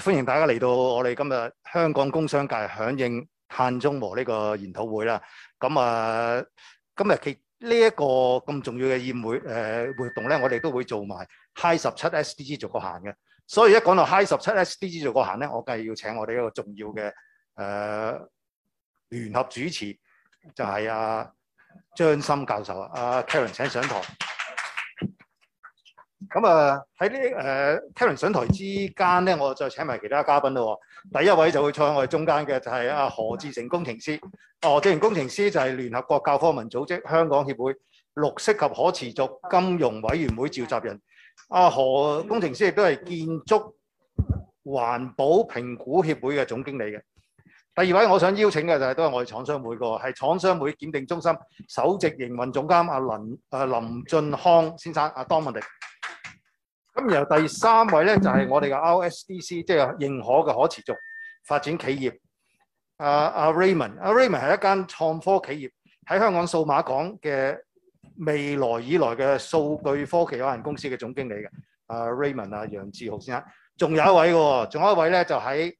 歡迎大家嚟到我哋今日香港工商界響應碳中和呢個研討會啦。咁啊，今日其呢一個咁重要嘅宴會誒、呃、活動咧，我哋都會做埋 High 十七 SDG 逐個行嘅。所以一講到 High 十七 SDG 逐個行咧，我梗係要請我哋一個重要嘅誒、呃、聯合主持，就係、是、阿、啊、張森教授啊。Karen 請上台。咁、嗯、啊,喺呢誒 Karen 上台之間咧，我就請埋其他嘉賓咯。第一位就會坐喺我哋中間嘅就係阿何志成工程師哦，志成工程師就係聯合國教科文組織香港協會綠色及可持續金融委員會召集人。阿、啊、何工程師亦都係建築環保評估協會嘅總經理嘅。第二位我想邀請嘅就係、是、都係我哋廠商會個，係廠商會檢定中心首席營運總監阿林阿林俊康先生。阿當文迪。咁然後第三位咧就係、是、我哋嘅 RSDC，即係認可嘅可持續發展企業。阿、啊、阿 Raymond，阿、啊、Raymond 係一間創科企業，喺香港數碼港嘅未來以來嘅數據科技有限公司嘅總經理嘅。阿、啊、Raymond，阿、啊、楊志豪先生。仲有一位嘅，仲有一位咧就喺、是、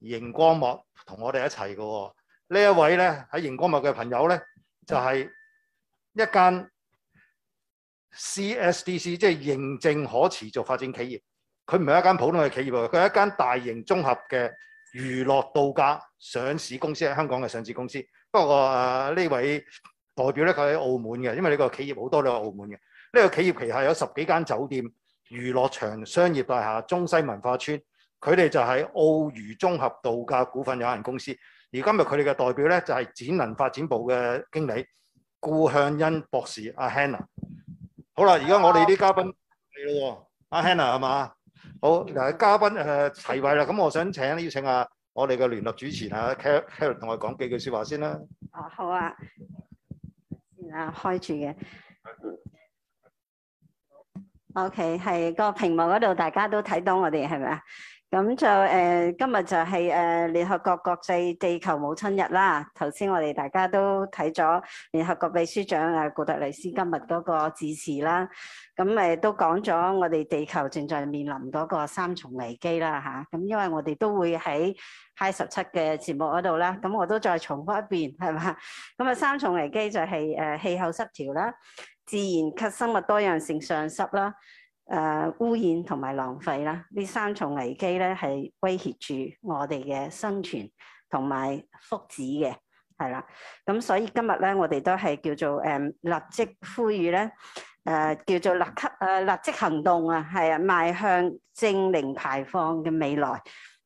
熒光幕同我哋一齊嘅。呢一位咧喺熒光幕嘅朋友咧就係、是、一間 CSDC 即係認證可持續發展企業，佢唔係一間普通嘅企業，佢係一間大型綜合嘅娛樂度假上市公司，喺香港嘅上市公司。不過啊，呢位代表咧佢喺澳門嘅，因為呢個企業好多都喺澳門嘅。呢個企業旗下有十幾間酒店、娛樂場、商業大廈、中西文化村，佢哋就係澳娛綜合度假股份有限公司。而今日佢哋嘅代表呢，就係展能發展部嘅經理顧向欣博士阿 Hannah。好啦，而家我哋啲嘉賓嚟咯喎，阿、啊啊、Hannah 係嘛？好，嗱，嘉賓誒、呃、齊位啦，咁我想請邀請下、啊、我哋嘅聯絡主持、嗯、啊 Carol 同我講幾句説話先啦。哦、啊，好啊，然後開住嘅，OK，係、嗰個屏幕嗰度大家都睇到我哋係咪啊？咁就誒，今日就係誒聯合國國際地球母親日啦。頭先我哋大家都睇咗聯合國秘書長啊古特雷斯今日嗰個致辭啦，咁誒都講咗我哋地球正在面臨嗰個三重危機啦嚇。咁因為我哋都會喺 High 十七嘅節目嗰度啦，咁我都再重複一遍係嘛？咁啊三重危機就係誒氣候失調啦，自然及生物多樣性喪失啦。誒、呃、污染同埋浪費啦，呢三重危機咧係威脅住我哋嘅生存同埋福祉嘅，係啦。咁所以今日咧，我哋都係叫做誒、呃、立即呼籲咧，誒、呃、叫做立即誒立即行動啊，係啊，邁向淨零排放嘅未來。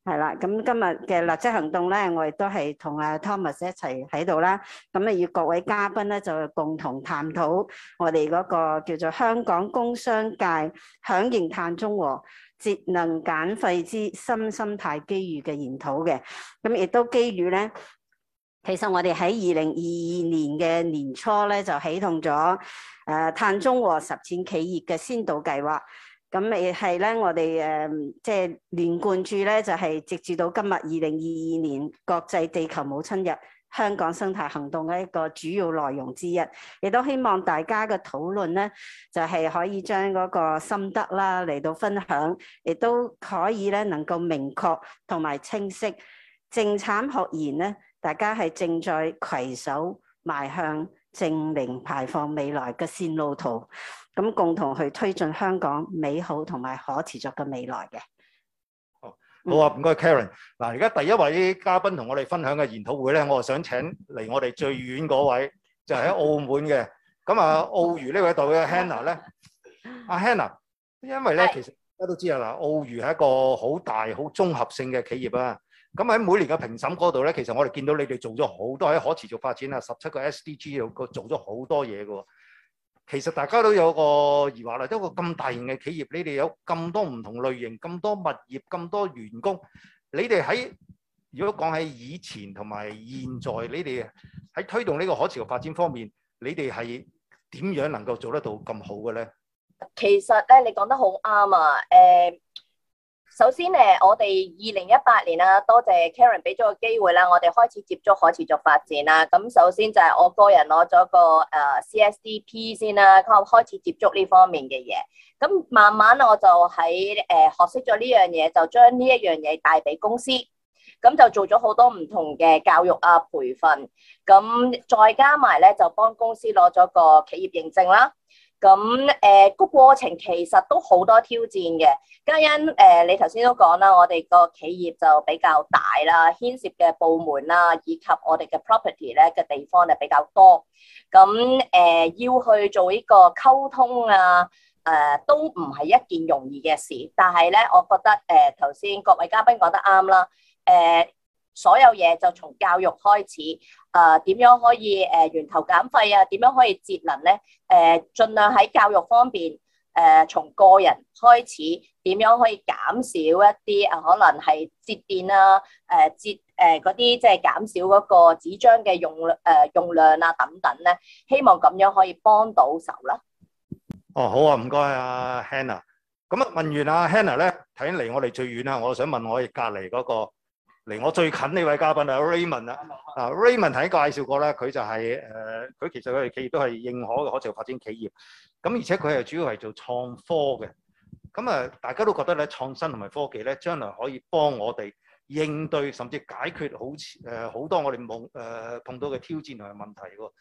係啦，咁今日嘅立即行動咧，我亦都係同阿 Thomas 一齊喺度啦。咁啊，與各位嘉賓咧就共同探討我哋嗰個叫做香港工商界響應碳中和、節能減廢之新生態機遇嘅研討嘅。咁亦都基於咧，其實我哋喺二零二二年嘅年初咧就起動咗誒碳中和實踐企業嘅先導計劃。咁咪係咧，我哋誒即係連貫住咧，就係直至到今日二零二二年國際地球母親日香港生態行動嘅一個主要內容之一，亦都希望大家嘅討論咧，就係可以將嗰個心得啦嚟到分享，亦都可以咧能夠明確同埋清晰，政產學研咧，大家係正在攜手邁向淨零排放未來嘅線路圖，咁共同去推進香港美好同埋可持續嘅未來嘅。好，好啊，唔該，Karen。嗱，而家第一位嘉賓同我哋分享嘅研討會咧，我就想請嚟我哋最遠嗰位，就係喺澳門嘅。咁 啊，澳娛呢位代表 Hannah 咧，阿 Hannah，因為咧其實大家都知啊，嗱，澳娛係一個好大、好綜合性嘅企業啊。咁喺每年嘅評審嗰度咧，其實我哋見到你哋做咗好多喺可持續發展啊，十七個 SDG 度個做咗好多嘢嘅喎。其實大家都有個疑惑啦，即係個咁大型嘅企業，你哋有咁多唔同類型、咁多物業、咁多員工，你哋喺如果講喺以前同埋現在，你哋喺推動呢個可持續發展方面，你哋係點樣能夠做得到咁好嘅咧？其實咧，你講得好啱啊，誒、嗯。首先咧，我哋二零一八年啊，多謝 Karen 俾咗個機會啦，我哋開始接觸可持續發展啦。咁首先就係我個人攞咗個誒 CSDP 先啦，開始接觸呢方面嘅嘢。咁慢慢我就喺誒學識咗呢樣嘢，就將呢一樣嘢帶俾公司。咁就做咗好多唔同嘅教育啊培訓。咁再加埋咧，就幫公司攞咗個企業認證啦。咁誒個過程其實都好多挑戰嘅，嘉欣誒你頭先都講啦，我哋個企業就比較大啦，牽涉嘅部門啦，以及我哋嘅 property 咧嘅地方就比較多，咁誒、呃、要去做呢個溝通啊，誒、呃、都唔係一件容易嘅事，但係咧我覺得誒頭先各位嘉賓講得啱啦，誒、呃。所有嘢就從教育開始，誒、呃，點樣可以誒、呃、源頭減費啊？點樣可以節能咧？誒、呃，盡量喺教育方面，誒、呃，從個人開始，點樣可以減少一啲啊、呃？可能係節電啦、啊，誒、呃，節誒嗰啲即係減少嗰個紙張嘅用誒、呃、用量啊，等等咧。希望咁樣可以幫到手啦。哦，好啊，唔該啊，Hannah。咁啊，問完阿、啊、Hannah 咧，睇嚟離我哋最遠啊，我想問我哋隔籬嗰個。嚟我最近呢位嘉賓啊 Raymond 啊，啊 Raymond 喺介紹過咧，佢就係、是、誒，佢其實佢哋企業都係認可嘅可持續發展企業。咁而且佢係主要係做創科嘅。咁啊，大家都覺得咧，創新同埋科技咧，將來可以幫我哋應對甚至解決好誒好多我哋碰誒碰到嘅挑戰同埋問題喎。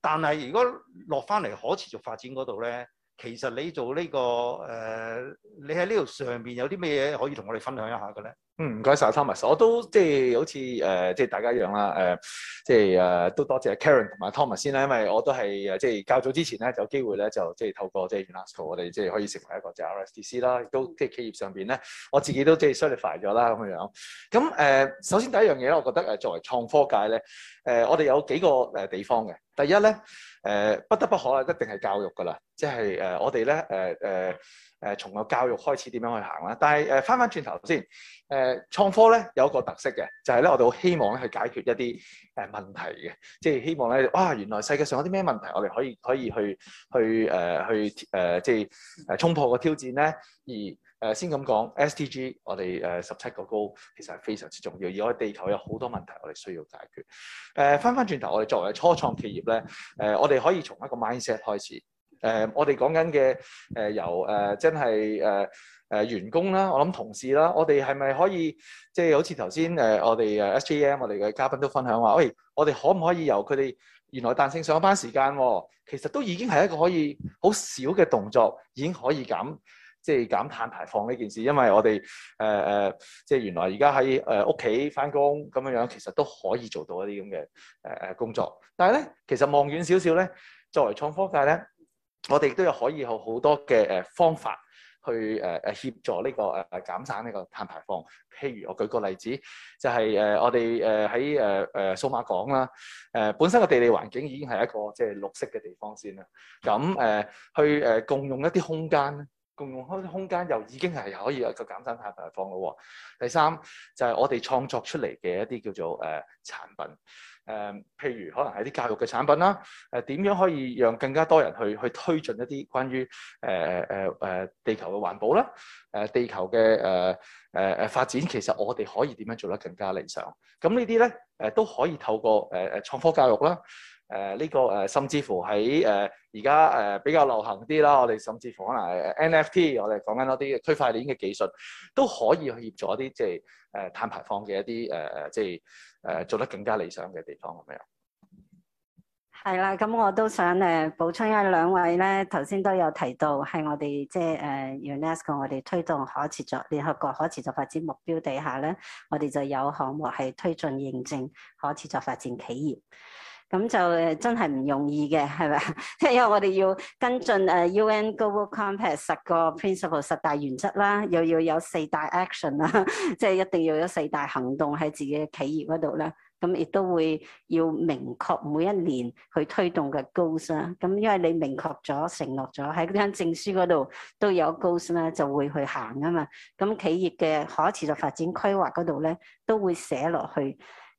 但係如果落翻嚟可持續發展嗰度咧，其實你做呢、這個誒、呃，你喺呢度上邊有啲咩嘢可以同我哋分享一下嘅咧？嗯，唔該晒 Thomas，我都即係好似誒，即係、呃、大家一樣啦，誒、呃，即係誒都多謝 Karen 同埋 Thomas 先啦，因為我都係誒，即係較早之前咧就有機會咧，就即係透過即係我哋即係可以成為一個即係 RSTC 啦，亦都即係企業上邊咧，我自己都即係 certify 咗啦咁樣。咁誒、呃，首先第一樣嘢咧，我覺得誒作為創科界咧，誒、呃、我哋有幾個誒地方嘅。第一咧誒、呃，不得不可，一定係教育㗎啦，即係誒我哋咧誒誒誒從個教育開始點樣去行啦。但係誒返返轉頭先誒。呃誒創科咧有一個特色嘅，就係、是、咧我哋好希望咧去解決一啲誒問題嘅，即係希望咧哇原來世界上有啲咩問題我哋可以可以去去誒、呃、去誒、呃、即係誒衝破個挑戰咧，而誒先咁講 SDG 我哋誒十七個 goal 其實係非常之重要，而我哋地球有好多問題我哋需要解決。誒翻翻轉頭我哋作為初創企業咧，誒、呃、我哋可以從一個 mindset 開始。誒，我哋講緊嘅誒，由誒真係誒誒員工啦，我諗同事啦，我哋係咪可以即係好似頭先誒我哋誒 SJM 我哋嘅嘉賓都分享話，喂，我哋可唔可以由佢哋原來彈性上班時間，其實都已經係一個可以好少嘅動作，已經可以減即係減碳排放呢件事，因為我哋誒誒即係原來而家喺誒屋企翻工咁樣樣，其實都可以做到一啲咁嘅誒誒工作，但係咧，其實望遠少少咧，作為創科界咧。我哋都有可以好好多嘅誒方法去誒誒協助呢個誒減省呢個碳排放，譬如我舉個例子，就係誒我哋誒喺誒誒數碼港啦，誒本身嘅地理環境已經係一個即係綠色嘅地方先啦，咁誒去誒共用一啲空間共用開空間又已經係可以一個減省碳排放咯。第三就係、是、我哋創作出嚟嘅一啲叫做誒、呃、產品，誒、呃、譬如可能係啲教育嘅產品啦。誒、呃、點樣可以讓更加多人去去推進一啲關於誒誒誒誒地球嘅環保啦？誒、呃、地球嘅誒誒誒發展其實我哋可以點樣做得更加理想？咁呢啲咧誒都可以透過誒誒、呃、創科教育啦。呃誒、呃、呢、這個誒，甚至乎喺誒而家誒比較流行啲啦。我哋甚至乎可能 NFT，我哋講緊嗰啲區塊鏈嘅技術，都可以去協助一啲即係誒碳排放嘅一啲誒即係誒做得更加理想嘅地方咁樣。係啦，咁我都想誒、呃、補充一兩位咧。頭先都有提到係我哋即係誒 UNESCO，我哋推動可持續聯合國可持續發展目標底下咧，我哋就有項目係推進認證可持續發展企業。咁就真係唔容易嘅，係咪？ 因為我哋要跟進、uh, U.N. Global Compact 十個 principle 十大原則啦，又要有四大 action 啦，即 係一定要有四大行動喺自己嘅企業嗰度啦。咁亦都會要明確每一年去推動嘅 goals 啦。咁因為你明確咗、承諾咗喺嗰張證書嗰度都有 goals 啦，就會去行啊嘛。咁企業嘅可持續發展規劃嗰度咧，都會寫落去。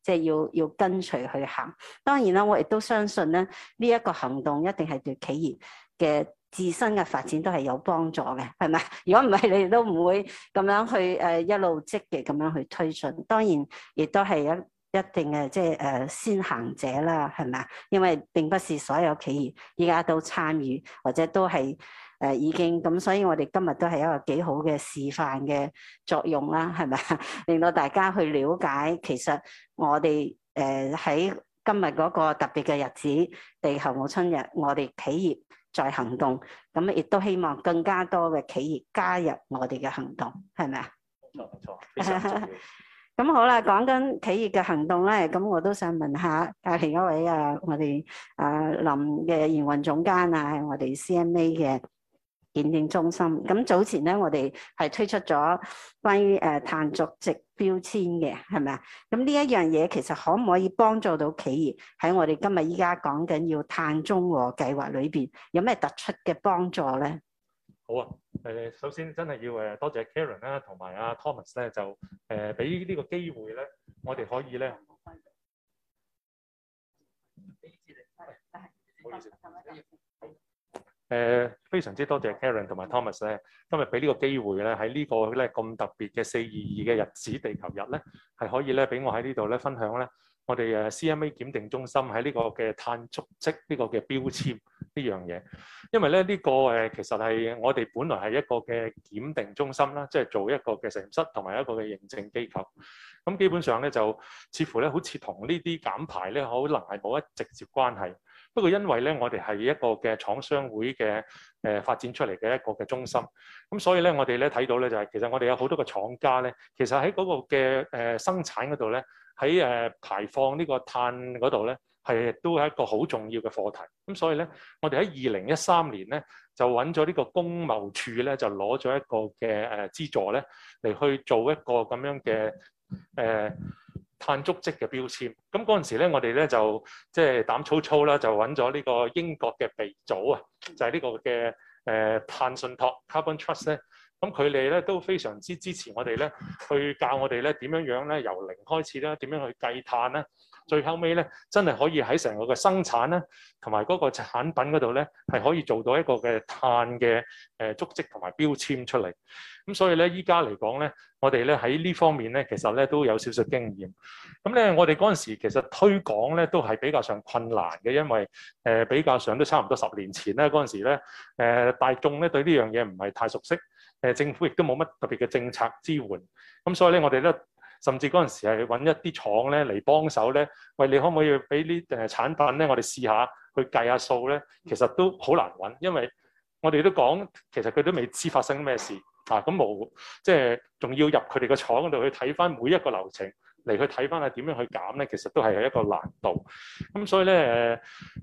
即係要要跟隨去行，當然啦，我亦都相信咧，呢一個行動一定係對企業嘅自身嘅發展都係有幫助嘅，係咪？如果唔係，你哋都唔會咁樣去誒一路積極咁樣去推進。當然亦都係一一定嘅，即係誒先行者啦，係咪？因為並不是所有企業依家都參與或者都係。誒，已經咁，所以我哋今日都係一個幾好嘅示範嘅作用啦，係咪令到大家去了解，其實我哋誒喺今日嗰個特別嘅日子，地球母親日，我哋企業在行動，咁亦都希望更加多嘅企業加入我哋嘅行動，係咪啊？唔錯 好。咁好啦，講緊企業嘅行動咧，咁我都想問一下，另一位啊，我哋啊林嘅營運總監啊，我哋 CMA 嘅。檢驗中心，咁早前咧，我哋係推出咗關於誒碳足跡標籤嘅，係咪啊？咁呢一樣嘢其實可唔可以幫助到企業喺我哋今日依家講緊要碳中和計劃裏邊有咩突出嘅幫助咧？好啊，誒、呃、首先真係要誒多謝 Karen 啦，同埋阿 Thomas 咧就誒俾呢個機會咧，我哋可以咧。欸誒非常之多謝 Karen 同埋 Thomas 咧，今日俾呢個機會咧，喺呢個咧咁特別嘅四二二嘅日子，地球日咧，係可以咧俾我喺呢度咧分享咧，我哋誒 CMA 檢定中心喺呢個嘅碳足跡呢個嘅標籤呢樣嘢，因為咧呢個誒其實係我哋本來係一個嘅檢定中心啦，即係做一個嘅實驗室同埋一個嘅認證機構，咁基本上咧就似乎咧好似同呢啲減排咧可能係冇一直接關係。不過因為咧，我哋係一個嘅廠商會嘅誒、呃、發展出嚟嘅一個嘅中心，咁所以咧，我哋咧睇到咧就係其實我哋有好多個廠家咧，其實喺嗰個嘅誒、呃、生產嗰度咧，喺誒、呃、排放個呢個碳嗰度咧，係都係一個好重要嘅課題。咁所以咧，我哋喺二零一三年咧就揾咗呢個工貿處咧就攞咗一個嘅誒資助咧嚟去做一個咁樣嘅誒、呃碳足跡嘅標籤，咁嗰陣時咧，我哋咧就即係膽粗粗啦，就揾咗呢個英國嘅鼻祖啊，就係呢個嘅誒碳信託 （Carbon Trust） 咧。咁佢哋咧都非常之支持我哋咧，去教我哋咧點樣樣咧由零開始咧，點樣去計碳咧，最後尾咧真係可以喺成個嘅生產咧，同埋嗰個產品嗰度咧係可以做到一個嘅碳嘅誒足跡同埋標籤出嚟。咁所以咧依家嚟講咧，我哋咧喺呢方面咧，其實咧都有少少經驗。咁咧我哋嗰陣時其實推廣咧都係比較上困難嘅，因為誒、呃、比較上都差唔多十年前咧嗰陣時咧、呃，大眾咧對呢樣嘢唔係太熟悉。誒，政府亦都冇乜特別嘅政策支援，咁所以咧，我哋咧甚至嗰陣時係揾一啲廠咧嚟幫手咧，喂，你可唔可以俾啲誒產品咧，我哋試下去計下數咧，其實都好難揾，因為我哋都講其實佢都未知發生咩事嚇，咁、啊、冇，即係仲要入佢哋嘅廠度去睇翻每一個流程。嚟去睇翻係點樣去減咧，其實都係一個難度。咁所以咧，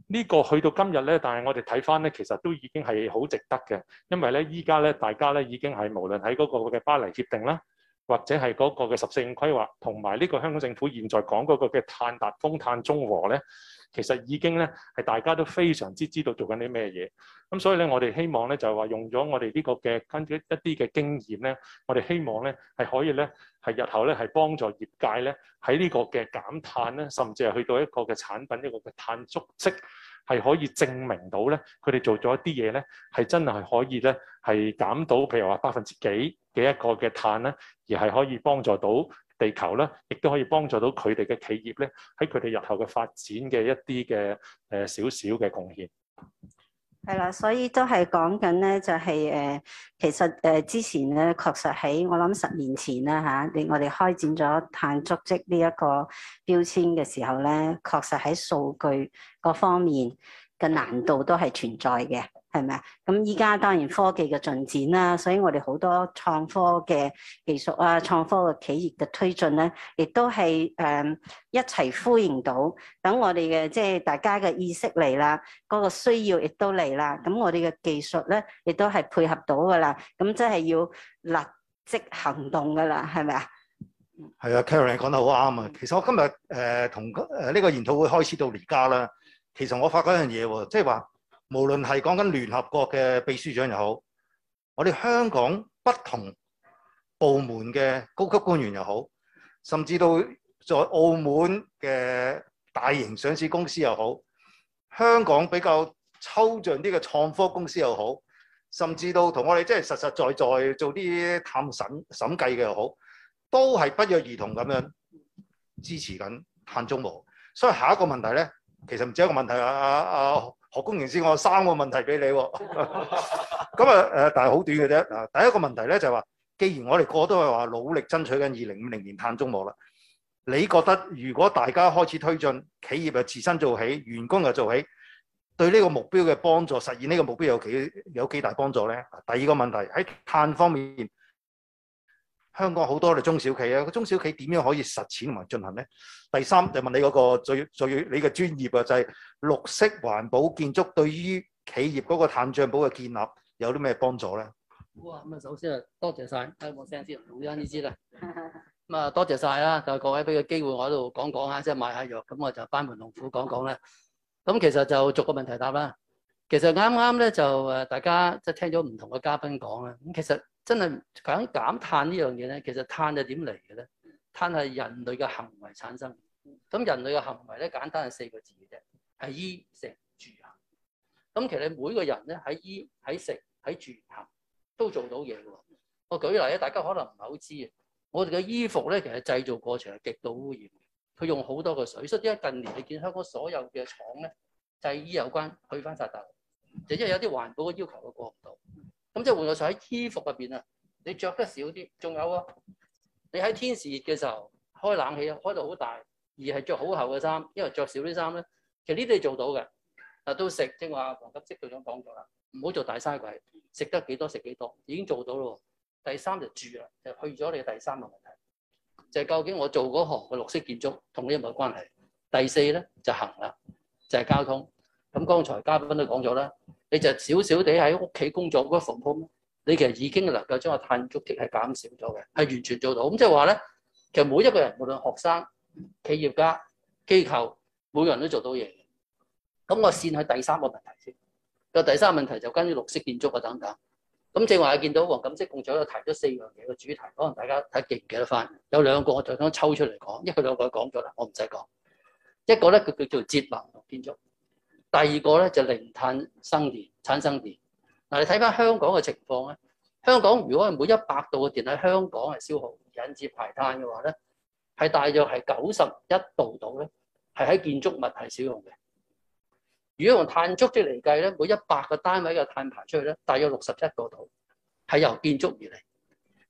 呢個去到今日咧，但係我哋睇翻咧，其實都已經係好值得嘅，因為咧，依家咧，大家咧已經係無論喺嗰個嘅巴黎協定啦。或者係嗰個嘅十四五規劃，同埋呢個香港政府現在講嗰個嘅碳達峰、碳中和咧，其實已經咧係大家都非常之知道做緊啲咩嘢。咁所以咧，我哋希望咧就係話用咗我哋呢個嘅跟住一啲嘅經驗咧，我哋希望咧係可以咧係日後咧係幫助業界咧喺呢個嘅減碳咧，甚至係去到一個嘅產品一個嘅碳足跡。係可以證明到咧，佢哋做咗一啲嘢咧，係真係可以咧，係減到譬如話百分之幾嘅一個嘅碳咧，而係可以幫助到地球咧，亦都可以幫助到佢哋嘅企業咧，喺佢哋日後嘅發展嘅一啲嘅誒少少嘅貢獻。係啦，所以都係講緊咧，就係誒，其實誒，之前咧確實喺我諗十年前啦吓，你我哋開展咗碳足跡呢一個標籤嘅時候咧，確實喺數據嗰方面嘅難度都係存在嘅。係咪啊？咁依家當然科技嘅進展啦，所以我哋好多創科嘅技術啊，創科嘅企業嘅推進咧，亦都係誒、嗯、一齊呼應到。等我哋嘅即係大家嘅意識嚟啦，嗰、那個需要亦都嚟啦。咁我哋嘅技術咧，亦都係配合到噶啦。咁真係要立即行動噶啦，係咪啊？係啊，Karen 講得好啱啊！其實我今日誒同誒呢個研討會開始到而家啦，其實我發覺一樣嘢喎，即係話。無論係講緊聯合國嘅秘書長又好，我哋香港不同部門嘅高級官員又好，甚至到在澳門嘅大型上市公司又好，香港比較抽象啲嘅創科公司又好，甚至到同我哋即係實實在在做啲探審審計嘅又好，都係不約而同咁樣支持緊碳中和。所以下一個問題呢，其實唔止一個問題啊啊！啊我工程師，我有三個問題俾你喎。咁啊，誒，但係好短嘅啫。啊，第一個問題咧就係話，既然我哋個個都係話努力爭取緊二零五零年碳中和啦，你覺得如果大家開始推進企業又自身做起，員工又做起，對呢個目標嘅幫助實現呢個目標有幾有幾大幫助咧？第二個問題喺碳方面。香港好多嘅中小企啊，個中小企點樣可以實踐同埋進行咧？第三就問你嗰個最最要你嘅專業啊、就是，就係綠色環保建築對於企業嗰個碳帳簿嘅建立有啲咩幫助咧？好啊，咁啊首先啊，多謝晒。開個聲先，好欣呢支啦。咁啊，多謝晒啦，就各位俾個機會我喺度講講下，即係買下藥，咁我就班門弄斧講講啦。咁其實就逐個問題答啦。其實啱啱咧就誒，大家即係聽咗唔同嘅嘉賓講啊，咁其實。真係講減碳呢樣嘢咧，其實碳係點嚟嘅咧？碳係人類嘅行為產生。咁人類嘅行為咧，簡單係四個字嘅啫，係衣食住行。咁其實每個人咧喺衣喺食喺住行都做到嘢嘅。我舉例咧，大家可能唔係好知嘅。我哋嘅衣服咧，其實製造過程係極度污染嘅，佢用好多個水，所以而家近年你見香港所有嘅廠咧，製衣有關去翻曬大陸，就因為有啲環保嘅要求佢過唔到。咁即係換句話講喺衣服入邊啊，你著得少啲，仲有啊，你喺天時熱嘅時候開冷氣啊，開到好大，而係著好厚嘅衫，因為著少啲衫咧，其實呢啲係做到嘅，嗱都食，正話黃金色隊長講咗啦，唔好做大嘥鬼，食得幾多食幾多，已經做到咯。第三就住啦，就去咗你嘅第三個問題，就係究竟我做嗰行嘅綠色建築同你有冇關係？第四咧就行啦，就係交通。咁剛才嘉賓都講咗啦。你就少少地喺屋企工作嗰份工咧，你其實已經能夠將個碳足跡係減少咗嘅，係完全做到。咁即係話咧，其實每一個人，無論學生、企業家、機構，每個人都做到嘢。咁我線去第三個問題先。個第三個問題就關於綠色建築啊等等。咁正話見到黃錦星共主席提咗四樣嘢嘅主題，可能大家睇記唔記得翻？有兩個我就想抽出嚟講，一個兩個講咗啦，我唔使講。一個咧，佢叫做節能建築。第二個咧就零碳生電、產生電。嗱，你睇翻香港嘅情況咧，香港如果係每一百度嘅電喺香港係消耗引致排碳嘅話咧，係大約係九十一度度咧，係喺建築物係少用嘅。如果用碳足跡嚟計咧，每一百個單位嘅碳排出去咧，大約六十一個度係由建築而嚟。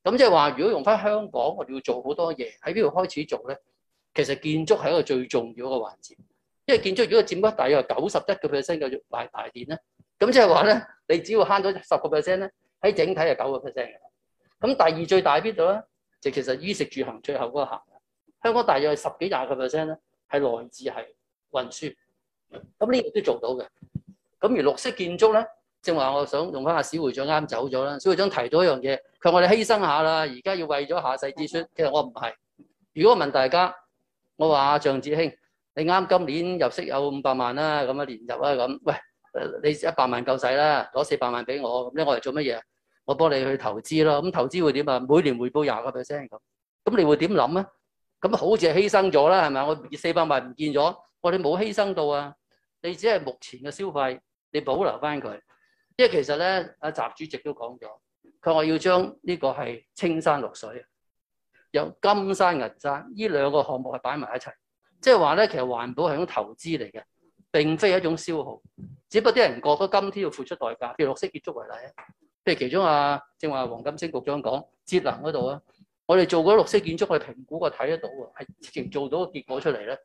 咁即係話，如果用翻香港，我哋要做好多嘢，喺邊度開始做咧？其實建築係一個最重要嘅環節。因為建築業嘅佔額大約九十一個 percent 嘅買大電咧，咁即係話咧，你只要慳咗十個 percent 咧，喺整體係九個 percent 嘅。咁第二最大邊度咧，就其實衣食住行最後嗰個行的，香港大約十幾廿個 percent 咧，係來自係運輸。咁呢個都做到嘅。咁而綠色建築咧，正話我想用返阿小會長啱走咗啦。小會長提到一樣嘢，佢話我哋犧牲下啦，而家要為咗下世之孫。其實我唔係。如果我問大家，我話阿、啊、張志興。你啱今年入息有五百萬啦，咁樣年入啊咁，喂，你一百萬夠使啦，攞四百萬俾我，咁我嚟做乜嘢啊？我幫你去投資咯。咁投資會點啊？每年回報廿個 percent 咁，咁你會點諗咧？咁好似係犧牲咗啦，係咪啊？我四百萬唔見咗，我哋冇犧牲到啊！你只係目前嘅消費，你保留翻佢。因為其實咧，阿習主席都講咗，佢話要將呢個係青山綠水，有金山銀山，呢兩個項目係擺埋一齊。即係話咧，其實環保係一種投資嚟嘅，並非係一種消耗。只不過啲人覺得今天要付出代價。譬如綠色建築為例，譬如其中啊，正話黃錦星局長講節能嗰度啊，我哋做過綠色建築，去哋評估過睇得到喎，係直情做到個結果出嚟咧。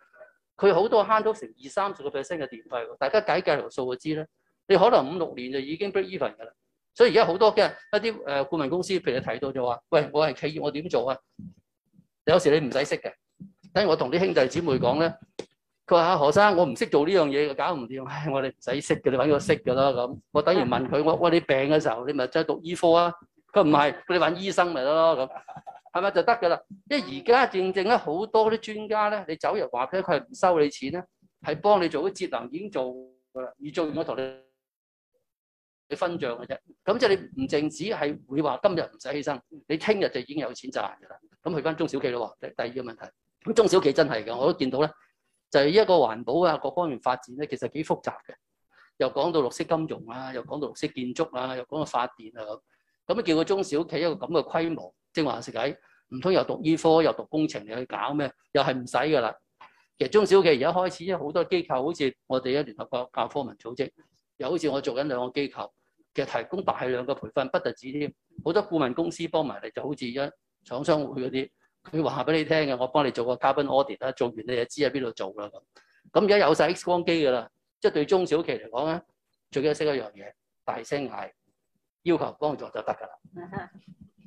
佢好多慳到成二三十個 percent 嘅電費喎。大家解計條數就知啦。你可能五六年就已經 break even 㗎啦。所以而家好多嘅一啲誒顧問公司，譬如你睇到就話，喂，我係企業，我點做啊？有時你唔使識嘅。等於我同啲兄弟姊妹講咧，佢話何生，我唔識做呢樣嘢，搞唔掂。我哋唔使識嘅，你揾個識嘅啦。咁我等於問佢，我喂你病嘅時候，你咪即係讀醫科啊？佢唔係，佢哋揾醫生咪得咯。咁係咪就得嘅啦？因為而家正正咧，好多啲專家咧，你走入話佢，佢係唔收你錢咧，係幫你做啲節能已經做嘅啦。你做完我同你，你分賬嘅啫。咁即係你唔淨止係會話今日唔使犧牲，你聽日就已經有錢賺嘅啦。咁去翻中小企咯。第第二個問題。咁中小企真係嘅，我都見到咧，就係依一個環保啊，各方面發展咧，其實幾複雜嘅。又講到綠色金融啊，又講到綠色建築啊，又講到發電啊咁。咁啊，叫個中小企一個咁嘅規模，正話食仔，唔通又讀醫科，又讀工程嚟去搞咩？又係唔使㗎啦。其實中小企而家開始，因為好多機構，好似我哋一聯合國教科文組織，又好似我做緊兩個機構，其實提供大量嘅培訓，不特止添，好多顧問公司幫埋嚟，就好似一家廠商會嗰啲。佢話俾你聽嘅，我幫你做個 carbon audit 啦，做完你就知喺邊度做啦咁。咁而家有晒 X 光機㗎啦，即係對中小企嚟講咧，最緊要識一樣嘢，大聲嗌，要求幫助就得㗎啦。